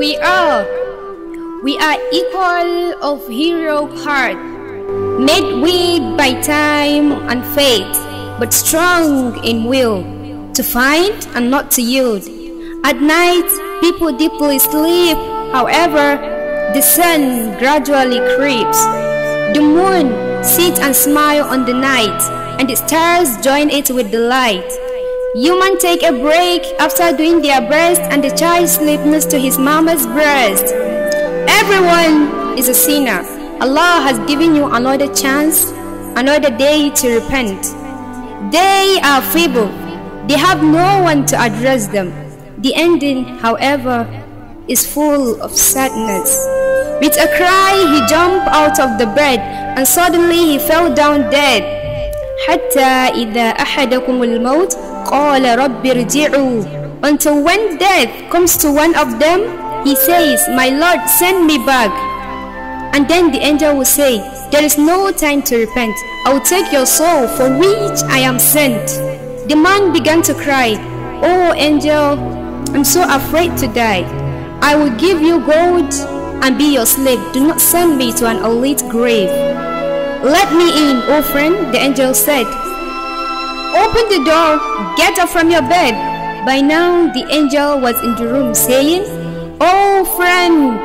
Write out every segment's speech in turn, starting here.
We are. We are equal of hero heart, made weak by time and fate, but strong in will, to find and not to yield. At night, people deeply sleep, however, the sun gradually creeps. The moon sits and smiles on the night, and the stars join it with the light. Human take a break after doing their breast and the child sleeps next to his mama's breast. Everyone is a sinner. Allah has given you another chance, another day to repent. They are feeble. They have no one to address them. The ending, however, is full of sadness. With a cry, he jumped out of the bed and suddenly he fell down dead. حتى إذا أحدكم الموت وقال رب ارجعوا until when death comes to one of them he says my lord send me back and then the angel will say there is no time to repent i will take your soul for which i am sent the man began to cry oh angel i'm so afraid to die i will give you gold and be your slave do not send me to an elite grave let me in, oh friend, the angel said. Open the door, get up from your bed. By now the angel was in the room saying, Oh friend,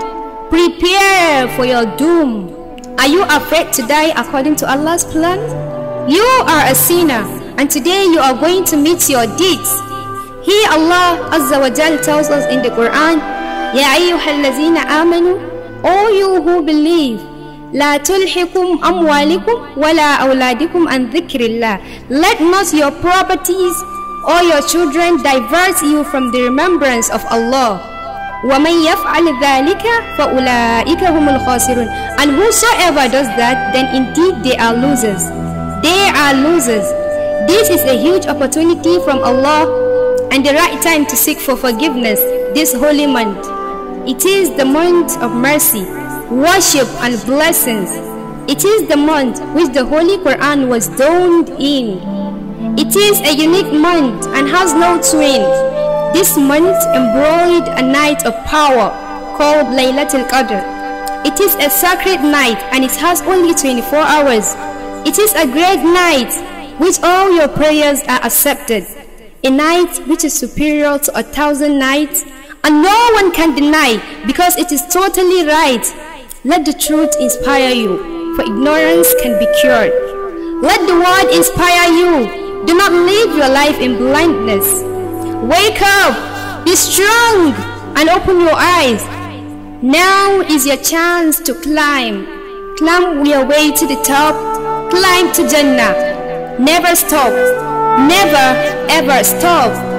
prepare for your doom. Are you afraid to die according to Allah's plan? You are a sinner and today you are going to meet your deeds. He, Allah Azza wa Jal tells us in the Quran, يَا أَيُّهَا الَّذِينَ All you who believe, let not your properties or your children divert you from the remembrance of Allah. وَمَنْ يَفْعَلْ ذَلِكَ فَأُولَٰئِكَ هُمُ الْخَاسِرُونَ And whosoever does that, then indeed they are losers. They are losers. This is a huge opportunity from Allah and the right time to seek for forgiveness this holy month. It is the month of mercy worship and blessings. It is the month which the Holy Quran was donned in. It is a unique month and has no twin. This month embroidered a night of power called Laylatul Qadr. It is a sacred night and it has only 24 hours. It is a great night which all your prayers are accepted. A night which is superior to a thousand nights and no one can deny because it is totally right let the truth inspire you, for ignorance can be cured. Let the word inspire you. Do not live your life in blindness. Wake up, be strong, and open your eyes. Now is your chance to climb. Climb your way to the top. Climb to Jannah. Never stop. Never ever stop.